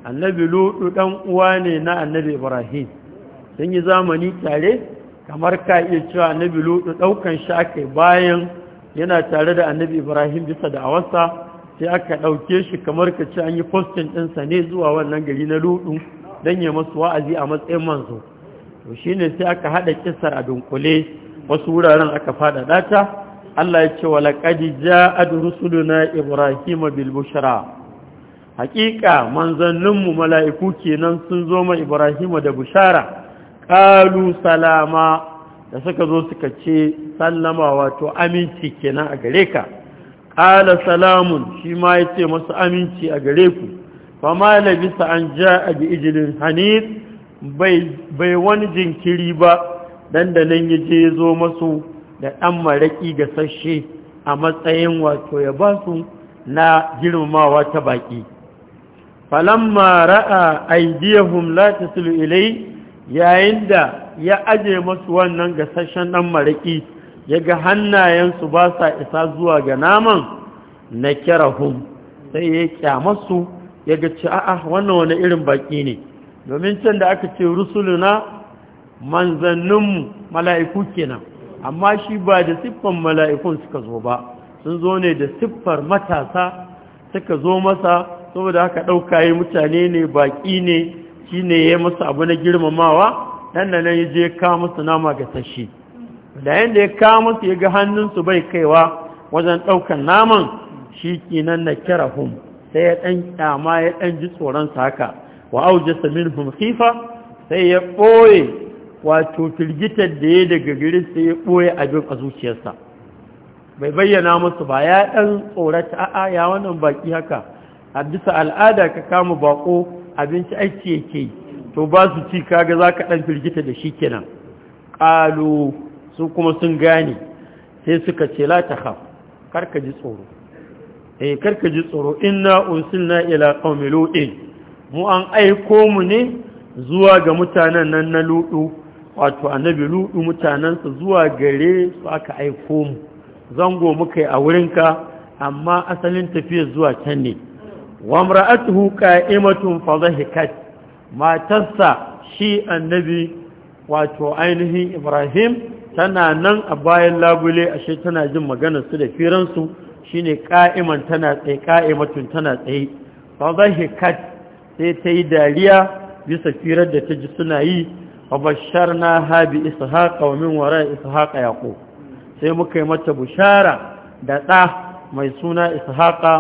annabi lutu dan uwa ne na annabi ibrahim sun yi zamani tare kamar ka iya cewa annabi lutu daukan shi aka bayan yana tare da annabi ibrahim bisa da awasa. sai aka dauke shi kamar ka ce an yi postin ɗinsa ne zuwa wannan gari na lutu don ya masu wa'azi a matsayin manzo to shine sai aka hada kisar a dunkule wasu wuraren aka faɗaɗa ta Allah ya ce wa ja ja'ad rusuluna ibrahima Ibrahim bilbushara. Haƙiƙa, manzanninmu mala'iku kenan sun zo ma Ibrahim da bushara Ƙalu salama da suka zo suka ce sallama wato aminci kenan a gare ka ƙala salamun shi ma ya ce masu aminci a gare ku fama bisa an ja a bi ijilin hanif bai wani jinkiri ba dan da nan yaje zo masu da ɗan maraƙi da sashe a matsayin wato ya ba su na girmamawa ta baƙi falamma ra'a aidiyahum la tasilu ilai yayin da ya aje masu wannan gasashen ɗan maraƙi ya ga hannayensu ba sa isa zuwa ga naman na kirahum sai ya kyamasu ya ga ci a'a wannan wani irin baƙi ne domin can da aka ce rusuluna manzanninmu mala'iku kenan amma shi ba da siffan mala'ikun suka zo ba sun zo ne da siffar matasa suka zo masa saboda haka ɗauka yi mutane ne baƙi ne shi ne ya masa abu na girmamawa ɗan da nan ya je kawo musu nama ga tashi da yadda ya kawo musu ya ga hannunsu bai kaiwa wajen ɗaukan naman shi kinan na kira hun sai ya ɗan ƙyama ya ɗan ji tsoronsa haka wa auje samin khifa sai ya ɓoye wato firgitar da ya daga gari sai ya ɓoye abin a zuciyarsa bai bayyana musu ba ya ɗan tsorata a'a ya wannan baki haka a bisa al'ada ka kama bako abinci aiki yake to ba su ci kaga za ka ɗan firgita da shi kenan ƙalo sun kuma sun gane sai suka ce lata haf karka ji tsoro eh karka ji tsoro inna na ila qaumi lu'in mu an aiko mu ne zuwa ga mutanen nan na lu'u wato annabi ludu mutanensa zuwa gare su aka aiko mu zango muka yi a wurinka amma asalin tafiyar zuwa can ne wa mra'atuhu qa'imatun fa dhahikat matarsa shi annabi wato ainihin Ibrahim tana nan a bayan labule ashe tana jin maganar su da firan su shine qa'iman tana tsaye qa'imatun tana tsaye fa dhahikat sai ta yi dariya bisa firar da ta ji suna yi فبشرناها بإسحاق ومن وراء إسحاق يعقوب sai muka yi mata bushara da ɗa mai suna ishaƙa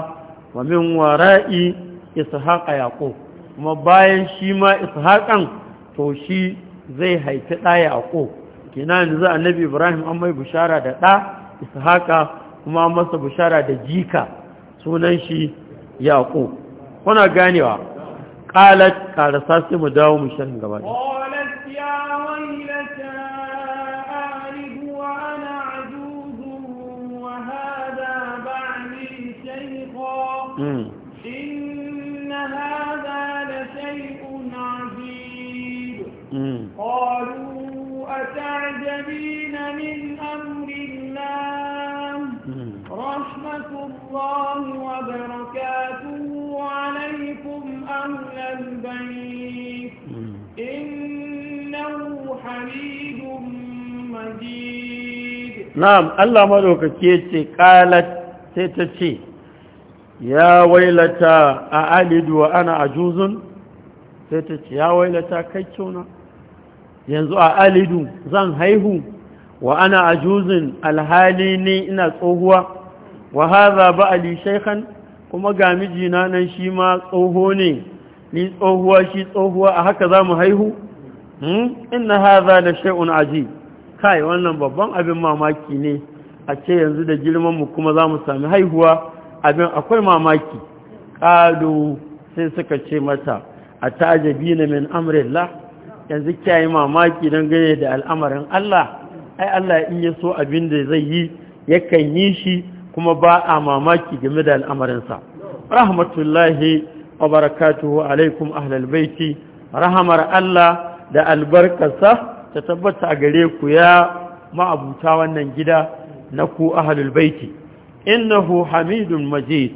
wa min wara'i ishaƙa yaƙo kuma bayan shi ma ishaƙan to shi zai haifi ɗa yaƙo kina yanzu annabi ibrahim an mai bushara da ɗa ishaƙa kuma masa bushara da jika sunan shi yaƙo kuna ganewa ƙalat ƙarasa sai mu dawo mu shirin gaba إن هذا لشيء عجيب قالوا أتعجبين من أمر الله رحمة الله وبركاته عليكم أهل البيت إنه حميد مجيد نعم الله ملوك كيتي قالت تتشي ya wailata a alidu wa ana juzun sai ta ce ya wailata kai kyauna yanzu a alidu zan haihu wa ana a juzun alhali ne ina tsohuwa wa haza ba ali shaikhan kuma ga mijina nan shi ma tsoho ne ni tsohuwa shi tsohuwa a haka za mu haihu hmm? na haza da shai'un aji kai wannan babban abin mamaki ne a ce yanzu da girmanmu kuma za mu sami haihuwa abin akwai mamaki ƙalu sai suka ce mata a tajabi na min la, yanzu kyayi mamaki don gane da al'amarin Allah ai Allah in ya so abin da zai yi yakan yi shi kuma ba a mamaki game da al'amarinsa rahmatullahi wa barakatuhu alaikum ahlal baiti rahamar Allah da albarkarsa ta tabbata a gare ku ya ma'abuta wannan gida na ku ahlul baiti innahu hamidun majid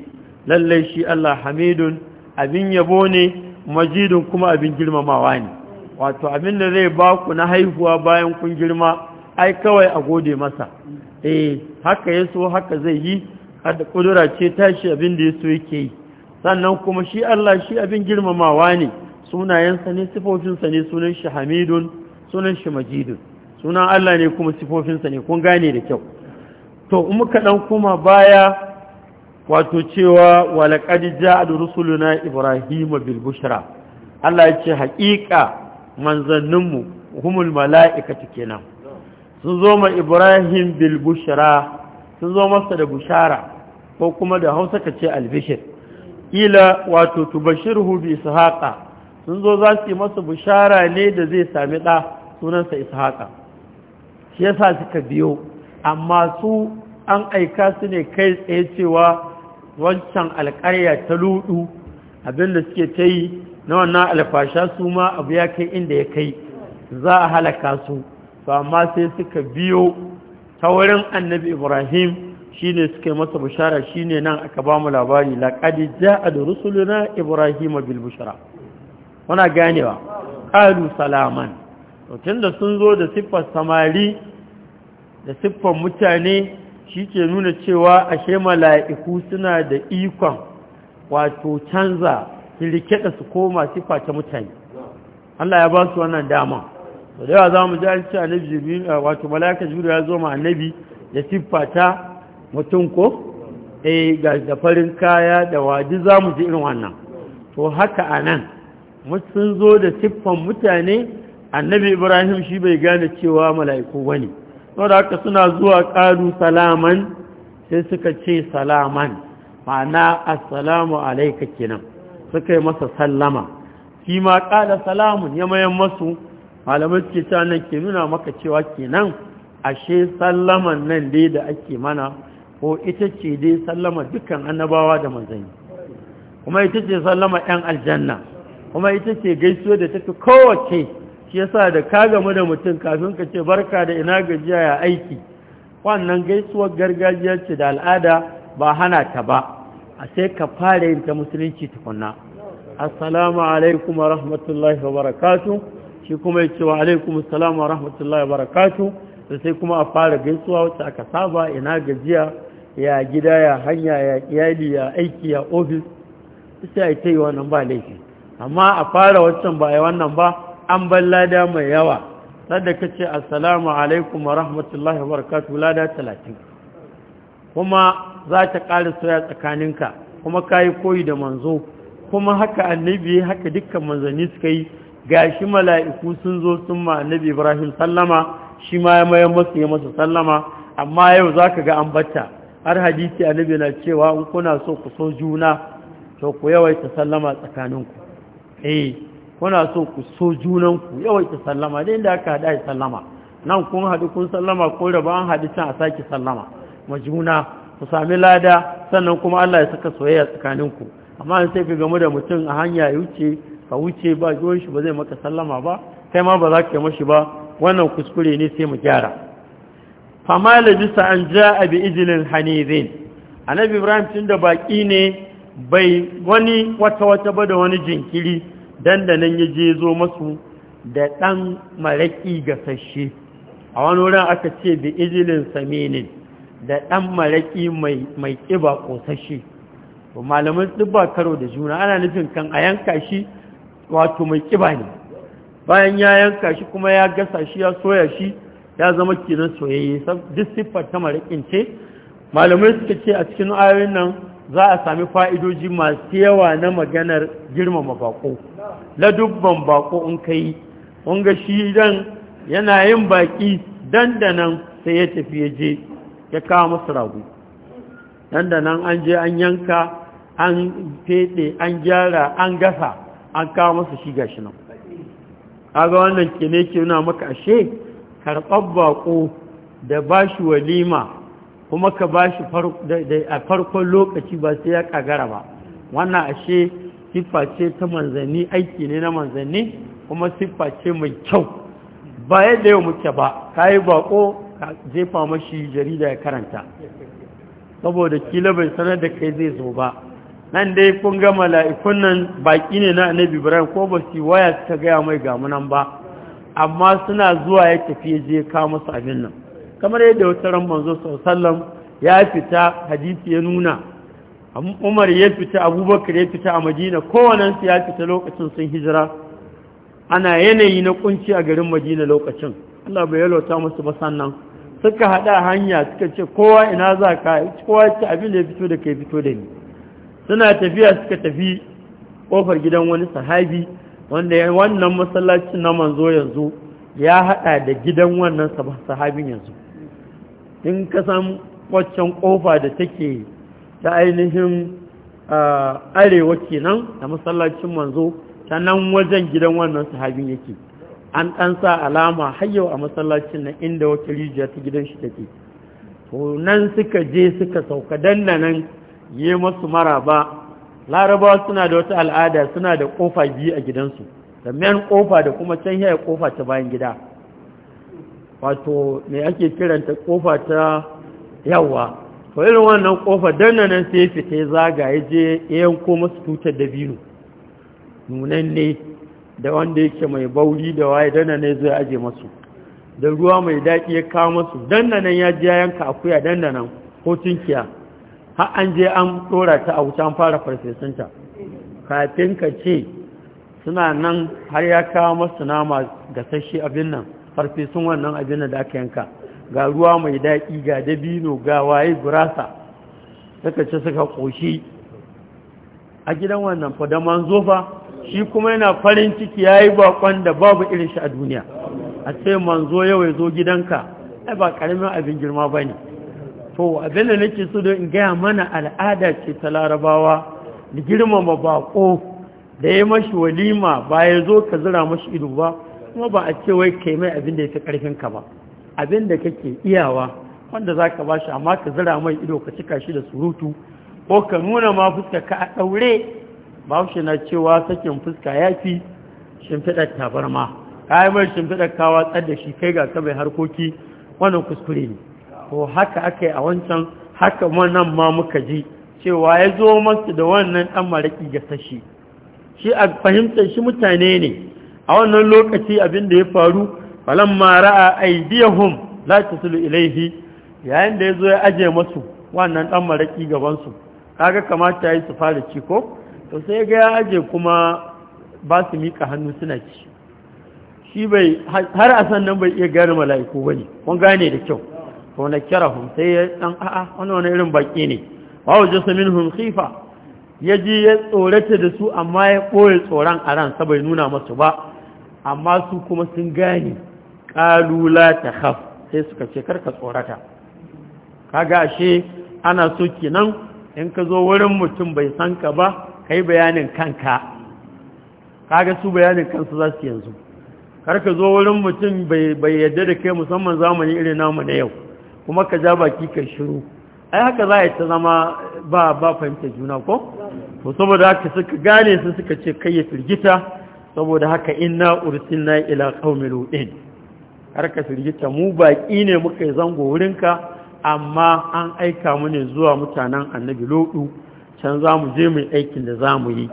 lallai shi Allah hamidun abin yabo ne majidun kuma abin girmamawa ne wato abin da zai ba ku na haihuwa bayan kun girma ai kawai a gode masa eh haka ya so haka zai yi kada kudura ce tashi abin da ya so yake yi sannan kuma shi Allah shi abin girmamawa ne sunayensa ne sifofinsa ne sunan shi hamidun sunan shi majidun sunan Allah ne kuma sifofinsa ne kun gane da kyau to in muka dan kuma baya wato cewa walaƙad ja'ad rusuluna ibrahima bil bushra Allah ce haƙiƙa manzanninmu humul mala'ikatu kenan sun zo ma ibrahim bil bushra sun zo masa da bushara ko kuma da Hausa kace albishir ila wato tubashiruhu bi ishaqa sun zo za su yi masa bushara ne da zai sami da sunansa ishaqa shi yasa suka biyo amma su an aika su ne kai tsaye cewa wancan alƙarya ta ludu abinda suke ta yi na wannan alfasha su ma abu ya kai inda ya kai za a halaka su to amma sai suka biyo ta wurin annabi ibrahim shine suka yi masa bushara ne nan aka ba mu labari laqad da rusuluna Ibrahim bil bushra wana ganewa ƙalu salaman tun da sun zo da siffar samari da siffan mutane shi ke nuna cewa ashe mala'iku suna da ikon wato canza da su koma siffa ta mutane Allah ya ba su wannan dama da yawa za mu ji an ce annabi jibril eh, wato mala'ika jibril ya zo ma annabi da siffa ta mutum ko eh ga da farin kaya da wadi za mu ji irin wannan to haka a nan sun zo da siffan mutane annabi ibrahim shi bai gane cewa mala'iku wani. saboda haka suna zuwa ƙaru salaman sai suka ce salaman ma'ana assalamu alaika kenan suka yi masa sallama shi ma ƙada salamun ya mayan masu malamai suke ta nan ke nuna maka cewa kenan ashe sallaman nan dai da ake mana ko ita ce dai sallama dukkan annabawa da manzanni kuma ita ce sallama 'yan aljanna kuma ita ce gaisuwa da tafi kowace shi yasa da ka gamu da mutum kafin ka ce barka da ina gajiya ya aiki wannan gaisuwar gargajiya ce da al'ada ba hana ta ba a sai ka fara yin ta musulunci tukunna assalamu alaikum wa rahmatullahi wa barakatu shi kuma ya ce wa alaikum assalamu wa rahmatullahi wa barakatu da sai kuma a fara gaisuwa wacce aka saba ina gajiya ya gida ya hanya ya iyali ya aiki ya ofis sai a yi ta yi wannan ba laifi amma a fara wancan ba a yi wannan ba an ban lada mai yawa sadda ka ce assalamu alaikum wa rahmatullahi wa barakatu lada talatin kuma za ta ƙara soya tsakaninka kuma ka yi koyi da manzo kuma haka annabi haka dukkan manzanni suka yi Ga shi mala'iku sun zo sun ma annabi ibrahim sallama shi ma ya mayan masu ya masa sallama amma yau za ka ga an bata har hadisi annabi na cewa in kuna so ku so juna to ku yawaita sallama tsakaninku eh kuna so ku so junanku ta sallama da inda aka haɗa ya sallama nan kun haɗu kun sallama ko da an haɗu can a sake sallama majuna ku sami lada sannan kuma Allah ya saka soyayya tsakaninku amma an sai ka gamu da mutum a hanya ya wuce ka wuce ba jiwon shi ba zai maka sallama ba kai ma ba za ka yi mashi ba wannan kuskure ne sai mu gyara fama lajista an ja a bi izinin hanizin annabi ibrahim tun da baƙi ne bai wani wata-wata ba da wani jinkiri dandanan ya je zo masu da ɗan maraƙi gasashe a wani wurin aka ce da ijilin saminin da ɗan maraƙi mai ƙiba ƙosashe malamin ɗibba karo da juna ana nufin kan a yanka shi wato mai ƙiba ne bayan ya yanka shi kuma ya gasa shi ya soya shi ya zama kinan soyayye duk siffar ta maraƙin ce malamai suka ce a cikin ayoyin nan za a sami fa'idoji masu yawa na maganar girmama baƙo ladubban bako in kai wanga shi dan yana yin baki dandanan sai ya tafi ya je ya kawo masu rago dandanan an je an yanka an feɗe an gyara an gasa an kawo masu shi gashi nan kaga wannan ke ne ke nuna maka ashe karɓar bako da bashi walima kuma ka bashi a farkon lokaci ba sai ya kagara ba wannan ashe siffa ce ta manzanni aiki ne na manzanni kuma siffa ce mai kyau ba yadda yau muke ba ka yi bako ka jefa mashi jarida ya karanta saboda kila bai sanar da kai zai zo ba nan dai kun ga mala'ikun nan baki ne na annabi ibrahim ko ba su waya ta gaya mai gamunan ba amma suna zuwa ya tafi ya je ka musu abin nan kamar yadda wata ran manzo sallam ya fita hadisi ya nuna umar ya fita abubakar ya fita a madina su ya fita lokacin sun hijira ana yanayi na kunci a garin madina lokacin allah bai yalota musu ba sannan suka hada hanya suka ce kowa ina za ka kowa ce abin da ya fito da kai fito da ni suna tafiya suka tafi kofar gidan wani sahabi wanda wannan masallacin na manzo yanzu ya haɗa da gidan wannan sahabin yanzu in ka san waccan kofa da take da ainihin arewa kenan da masallacin manzo ta nan wajen gidan wannan sahabin yake an ɗan sa alama hayyau a masallacin nan inda wata rijiya ta gidan shi take to nan suka je suka sauka danna nan yi masu maraba larabawa suna da wata al'ada suna da kofa biyu a gidansu da men kofa da kuma can yaya kofa ta bayan gida wato me ake kiranta kofa ta yawa to wannan wannan don dandanan sai ya fita ya je yanko masu tutar dabino nunan ne da wanda yake mai bauri da waye nan zai aje masu da ruwa mai daƙi ya kawo masu dandanan ya ji yanka akuya dandanan ko tunkiya har an je an tsora ta a wuce fara farfesunta kafin ka ce suna nan har ya kawo masu nama sashi abin nan farfesun wannan abin da aka yanka ga ruwa mai daƙi ga dabino ga waye gurasa suka ci suka ƙoshi a gidan wannan fadaman zofa shi kuma yana farin ciki ya yi bakon da babu irin shi a duniya a ce manzo yau zo gidanka ai ba ƙaramin abin girma ba ne to abin da nake so don in gaya mana al'ada ce ta larabawa da girmama baƙo da ya mashi walima ba ya zo ka zira mashi ido ba kuma ba a ce wai kai mai abin da ya fi ƙarfinka ba abin da kake iyawa wanda za ka bashi amma ka zira mai ido ka cika shi da surutu ko ka nuna ma fuska ka a ɗaure ba shi na cewa sakin fuska ya fi shimfiɗar tabarma ka yi mai shimfiɗar kawa tsar shi kai ga ka mai harkoki wannan kuskure ne ko haka aka yi a wancan haka wannan ma muka ji cewa ya zo masu da wannan ɗan mariki ga tashi shi a fahimtar shi mutane ne a wannan lokaci abin da ya faru falamma ra'a aydiyahum la sulu ilaihi, yayin da ya zo ya aje masu wannan dan maraki gabansu, su kaga kamata yayi su fara ci ko to sai ga ya aje kuma ba su mika hannu suna ci shi bai har a sannan bai iya gane mala'iku bane kun gane da kyau to na kirahum sai ya dan a'a wannan wani irin baki ne wa wajasa minhum khifa yaji ya tsorata da su amma ya ɓoye tsoron a ran sabai nuna masu ba amma su kuma sun gane qalu la takhaf sai suka ce karka tsorata kaga ashe ana so kenan in ka zo wurin mutum bai san ka ba kai bayanin kanka kaga su bayanin kansu za su yanzu karka zo wurin mutum bai yadda da kai musamman zamani irin namu na yau kuma ka ja baki ka shiru ai haka za a ta zama ba ba fahimta juna ko to saboda haka suka gane su suka ce kai ya firgita saboda haka inna ursilna ila qaumil lu'in har ka firgita mu baƙi ne muka yi zango wurinka amma an aika mu ne zuwa mutanen annabi lodu can za mu je mai aikin da za mu yi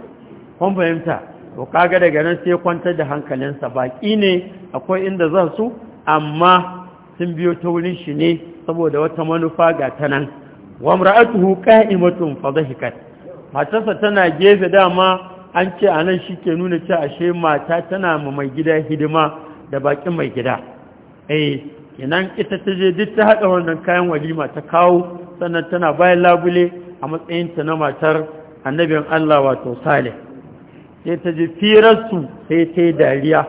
kun fahimta to kaga daga nan sai kwantar da hankalinsa baƙi ne akwai inda za su amma sun biyo ta wurin shi ne saboda wata manufa ga ta nan wa mar'atuhu qa'imatun fa dhahikat matarsa tana gefe dama an ce anan shike nuna cewa ashe mata tana ma mai gida hidima da bakin mai gida eh kenan ita ta je duk ta haɗa wannan kayan walima ta kawo sannan tana bayan labule a matsayin ta na matar annabin Allah wato Salih sai ta ji firarsu sai ta dariya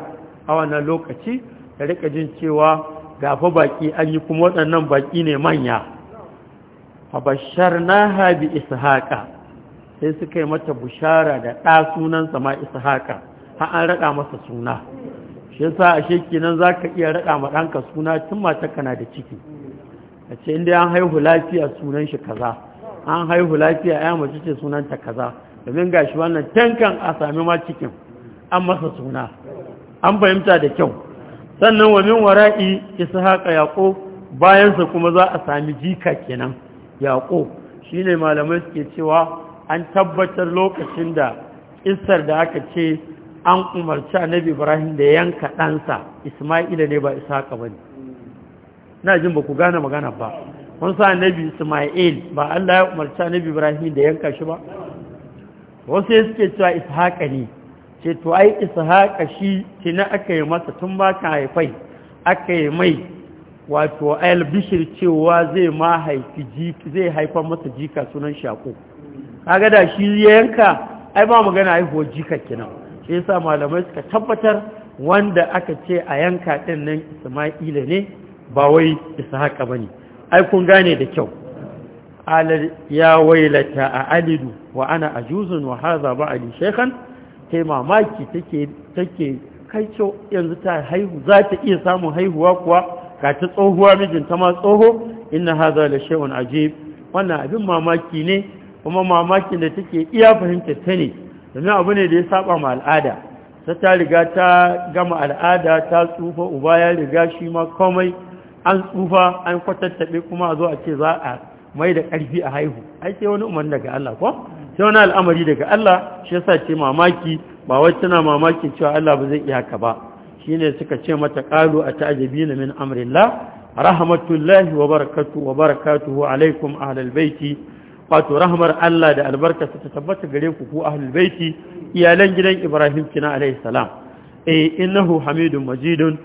a wannan lokaci ta rika jin cewa gafa baki an yi kuma waɗannan baki ne manya bashar na habi ishaqa sai suka yi mata bushara da ɗa sunan sama ishaƙa har an raka masa suna shi yasa ashe kenan zaka iya raɗa ma ɗanka suna tun mata kana da ciki a ce inda an haihu lafiya sunan shi kaza an haihu lafiya ya mace ce sunan ta kaza domin shi wannan tankan a sami ma cikin an masa suna an fahimta da kyau sannan wa wara'i isa haka yaƙo bayansa kuma za a sami jika kenan yaƙo. Shi ne malamai suke cewa an tabbatar lokacin da isar da aka ce an umarci annabi ibrahim da yanka ɗansa isma'ila ne ba ishaqa ba ne na jin ba ku gane magana ba Kun sa annabi isma'il ba allah ya umarci annabi ibrahim da yanka shi ba wasu ya suke cewa ishaqa ne ce to ai ishaqa shi na aka yi masa tun ba ka haifai aka yi mai wato Bishir, cewa zai ma haifi zai haifar masa jika sunan shaƙo kaga da shi yanka ai ba magana haihuwar jika kenan shi yasa malamai suka tabbatar wanda aka ce a yanka din nan Isma'ila ne ba wai Ishaqa bane ai kun gane da kyau alal ya wailata a alidu wa ana ajuzun wa hadha ba'ali shaykhan kai mamaki take take kai kyau yanzu ta haihu za ta iya samun haihuwa kuwa ga ta tsohuwa mijin ta ma tsoho inna hadha la shay'un ajib wannan abin mamaki ne kuma mamakin da take iya fahimtar ta ne domin abu ne da ya saba ma al'ada ta ta riga ta gama al'ada ta tsufa uba ya riga shi ma komai an tsufa an kwatattaɓe kuma a zo a ce za a mai da ƙarfi a haihu aiki wani umarni daga Allah ko sai wani al'amari daga Allah shi yasa ce mamaki ba wai tana mamaki cewa Allah ba zai iya haka ba shi ne suka ce mata a ta'ajabi na min la rahmatullahi wa barakatu wa barakatuhu alaikum ahlal baiti wato rahmar Allah da albarka ta tabbata gare ku ko ahlul baiti iyalan gidan Ibrahim kina alaihi salam eh innahu hamidun majidun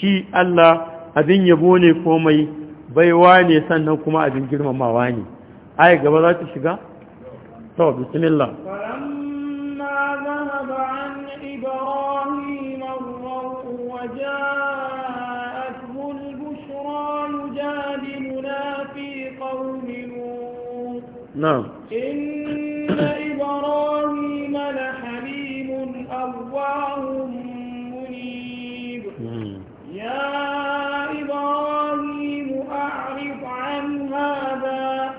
shi Allah abin yabo ne komai baiwa ne sannan kuma abin girmamawa ne ai gaba za ta shiga to bismillah نعم إن إبراهيم لحليم أواه منيب يا إبراهيم أعرف عن هذا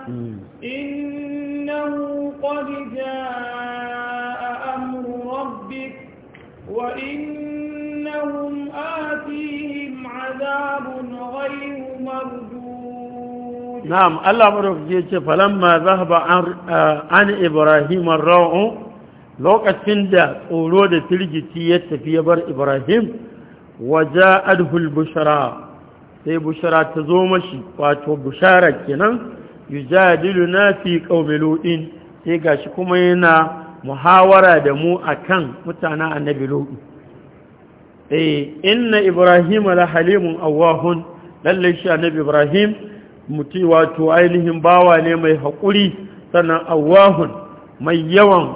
إنه قد جاء أمر ربك وإنهم آتيهم عذاب غير مرجو na'am Allah madaukake ce falamma zahaba an Ibrahim ar-ra'u lokacin da tsoro da firgici ya tafi ya bar Ibrahim waja'adhu sai bushara ta zo mashi wato bushara kenan yujadiluna fi qaumi lu'in sai gashi kuma yana muhawara da mu akan mutanen annabi lu'u eh inna ibrahima la halimun awahun lalle shi annabi ibrahim muti wato ainihin bawa ne mai haƙuri sannan awahun mai yawan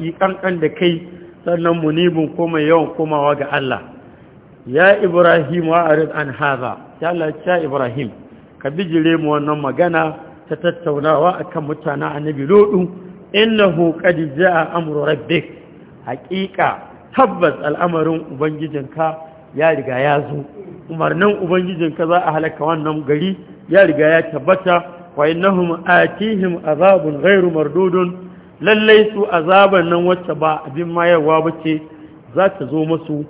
yi ƙanƙan da kai sannan munibun ko mai yawan komawa ga Allah ya Ibrahim wa arid an haza ya Allah ya Ibrahim ka bijire mu wannan magana ta tattaunawa akan mutanen annabi lodu innahu qad jaa amru rabbik haqiqa tabbas al'amarin ubangijinka ya riga ya zo umarnin ubangijinka za a halaka wannan gari ya riga ya tabbata wa innahum atihim azabun ghairu mardudun lallai su azaban nan wacce ba abin mayarwa bace za ta zo musu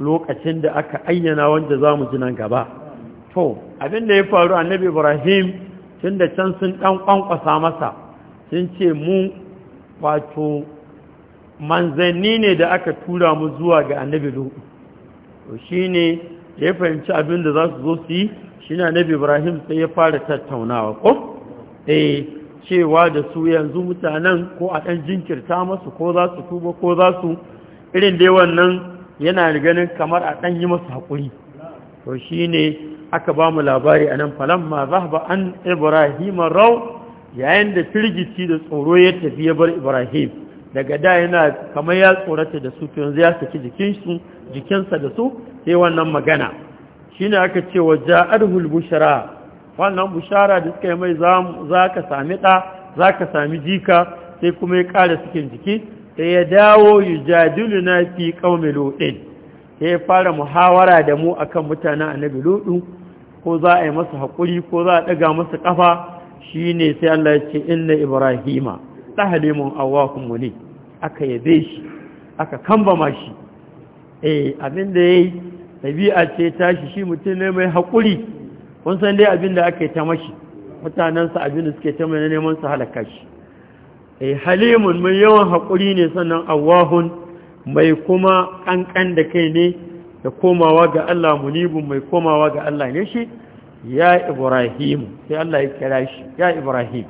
lokacin da aka ayyana wanda za mu ji nan gaba to abin da ya faru annabi ibrahim tunda da can sun dan kwankwasa masa sun ce mu wato manzanni ne da aka tura mu zuwa ga annabi lutu to ne ya fahimci abin da za su zo su yi shi na nabi ibrahim sai ya fara tattaunawa ko eh cewa da su yanzu mutanen ko a ɗan jinkirta masu ko za su tuba ko za su irin dai wannan yana ganin kamar a ɗan yi masu haƙuri to shi ne aka ba mu labari a nan ma za ba an ibrahim rau yayin da firgici da tsoro ya tafi ya bar ibrahim daga da yana kamar ya tsorata da su tun ya saki jikinsu jikinsa da su sai wannan magana shine aka ce wa ja'arhul bushara wannan bushara da suka yi mai za ka sami ɗa za ka sami jika sai kuma ya ƙara cikin jiki sai ya dawo yi jadilu na fi ƙaume lodin sai ya fara muhawara da mu akan a nabi lodu ko za a yi masa haƙuri ko za a ɗaga masa ƙafa shi ne sai Allah ya ce inna ibrahima halimun awakun ne." aka yabe shi aka kambama shi eh abinda yayi tabi'a ce tashi shi mutum ne mai hakuri kun san dai abinda aka ta mashi mutanensa abinda suke ta mai neman su halaka shi eh halimun mai yawan hakuri ne sannan awahun mai kuma ƙanƙan da kai ne da komawa ga Allah munibun mai komawa ga Allah ne shi ya Ibrahim sai Allah ya kira shi ya Ibrahim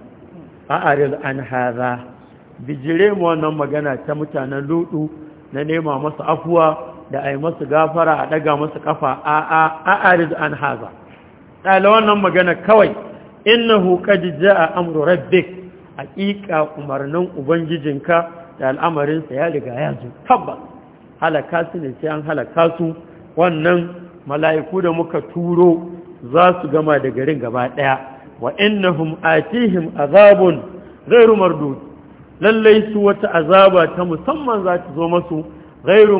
a'arid an hadha bijire mu wannan magana ta mutanen ludu na nema masa afuwa da ai masu gafara a daga masa kafa a a ariz an haza dala wannan magana kawai innahu qad jaa amru rabbik haqiqa umarnin ubangijinka da al'amarin sa ya riga ya zo tabbas halaka su ne sai an halaka su wannan mala'iku da muka turo za su gama da garin gaba daya wa innahum atihim azabun ghairu mardud lallai su wata azaba ta musamman za ta zo masu gairu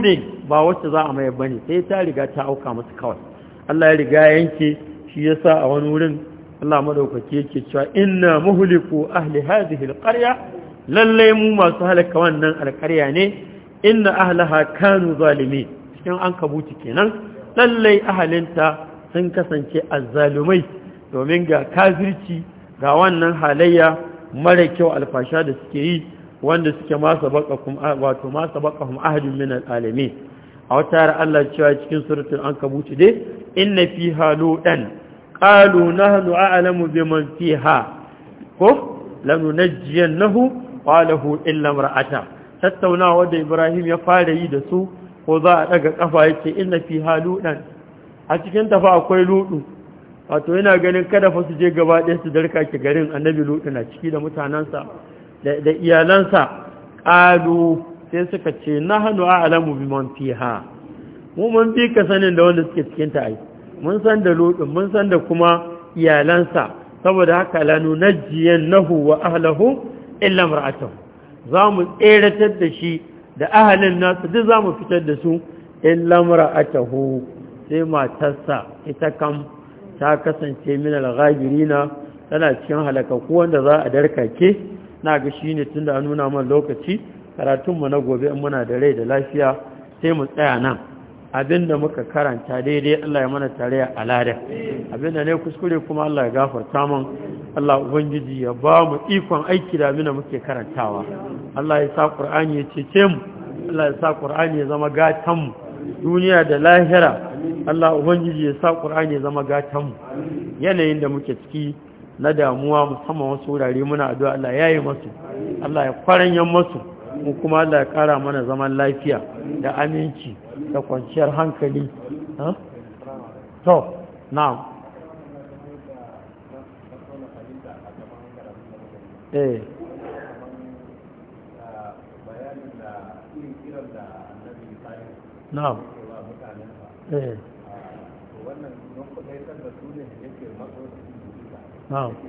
ne ba wacce za a mayar bane sai ta riga ta auka masu kawai Allah ya riga yanke shi ya sa a wani wurin Allah madaukake yake cewa inna muhliku ahli hadhihi alqarya lallai mu masu halaka wannan alqarya ne inna ahlaha kanu zalimi cikin an kabuci kenan lallai ahalinta sun kasance azzalumai domin ga kafirci ga wannan halayya mara kyau alfasha da suke yi wanda suke masa baka kuma ahadin min al'alami a wata yara Allah cewa cikin suratun an kabuci dai inna fi halo ɗan ƙalu na alamu biman fi ha ko lanu na jiyan nahu ƙwalahu illa ra'ata tattaunawa da ibrahim ya fara yi da su ko za a ɗaga ƙafa yake inna fi halo ɗan a cikin tafa akwai ludu wato yana ganin kada fa su je gaba ɗaya su darka ke garin annabi lutu na ciki da mutanansa da iyalansa ƙalu sai suka ce na hannu a alamu bi man fiha mu mun fi ka sanin da wanda suke cikin ta mun san da lutu mun san da kuma iyalansa saboda haka lanu najiyan nahu wa ahlahu illa mar'atuhu za mu tseratar da shi da ahalin nasu duk za mu fitar da su illa mar'atuhu sai matarsa ita kam ta kasance min ghajirina tana cikin halakaku wanda za a darkake na ga shine tunda an nuna mana lokaci karatun mu na gobe in muna da rai da lafiya sai mu tsaya nan abinda muka karanta daidai Allah ya mana tare a alada abinda ne kuskure kuma Allah ya gafarta mun Allah ubangiji ya ba mu ikon aiki da abinda muke karantawa Allah ya sa Qur'ani ya cece mu Allah ya sa Qur'ani ya zama gatan mu duniya da lahira Allah ubangiji ya sa Qur'ani zama gatanmu yanayin da muke ciki na damuwa musamman wasu wurare muna addu'a Allah ya yi masu Allah ya kwaranyan masu mu kuma Allah ya kara mana zaman lafiya da aminci da kwanciyar hankali to na'am eh na'am eh wannan da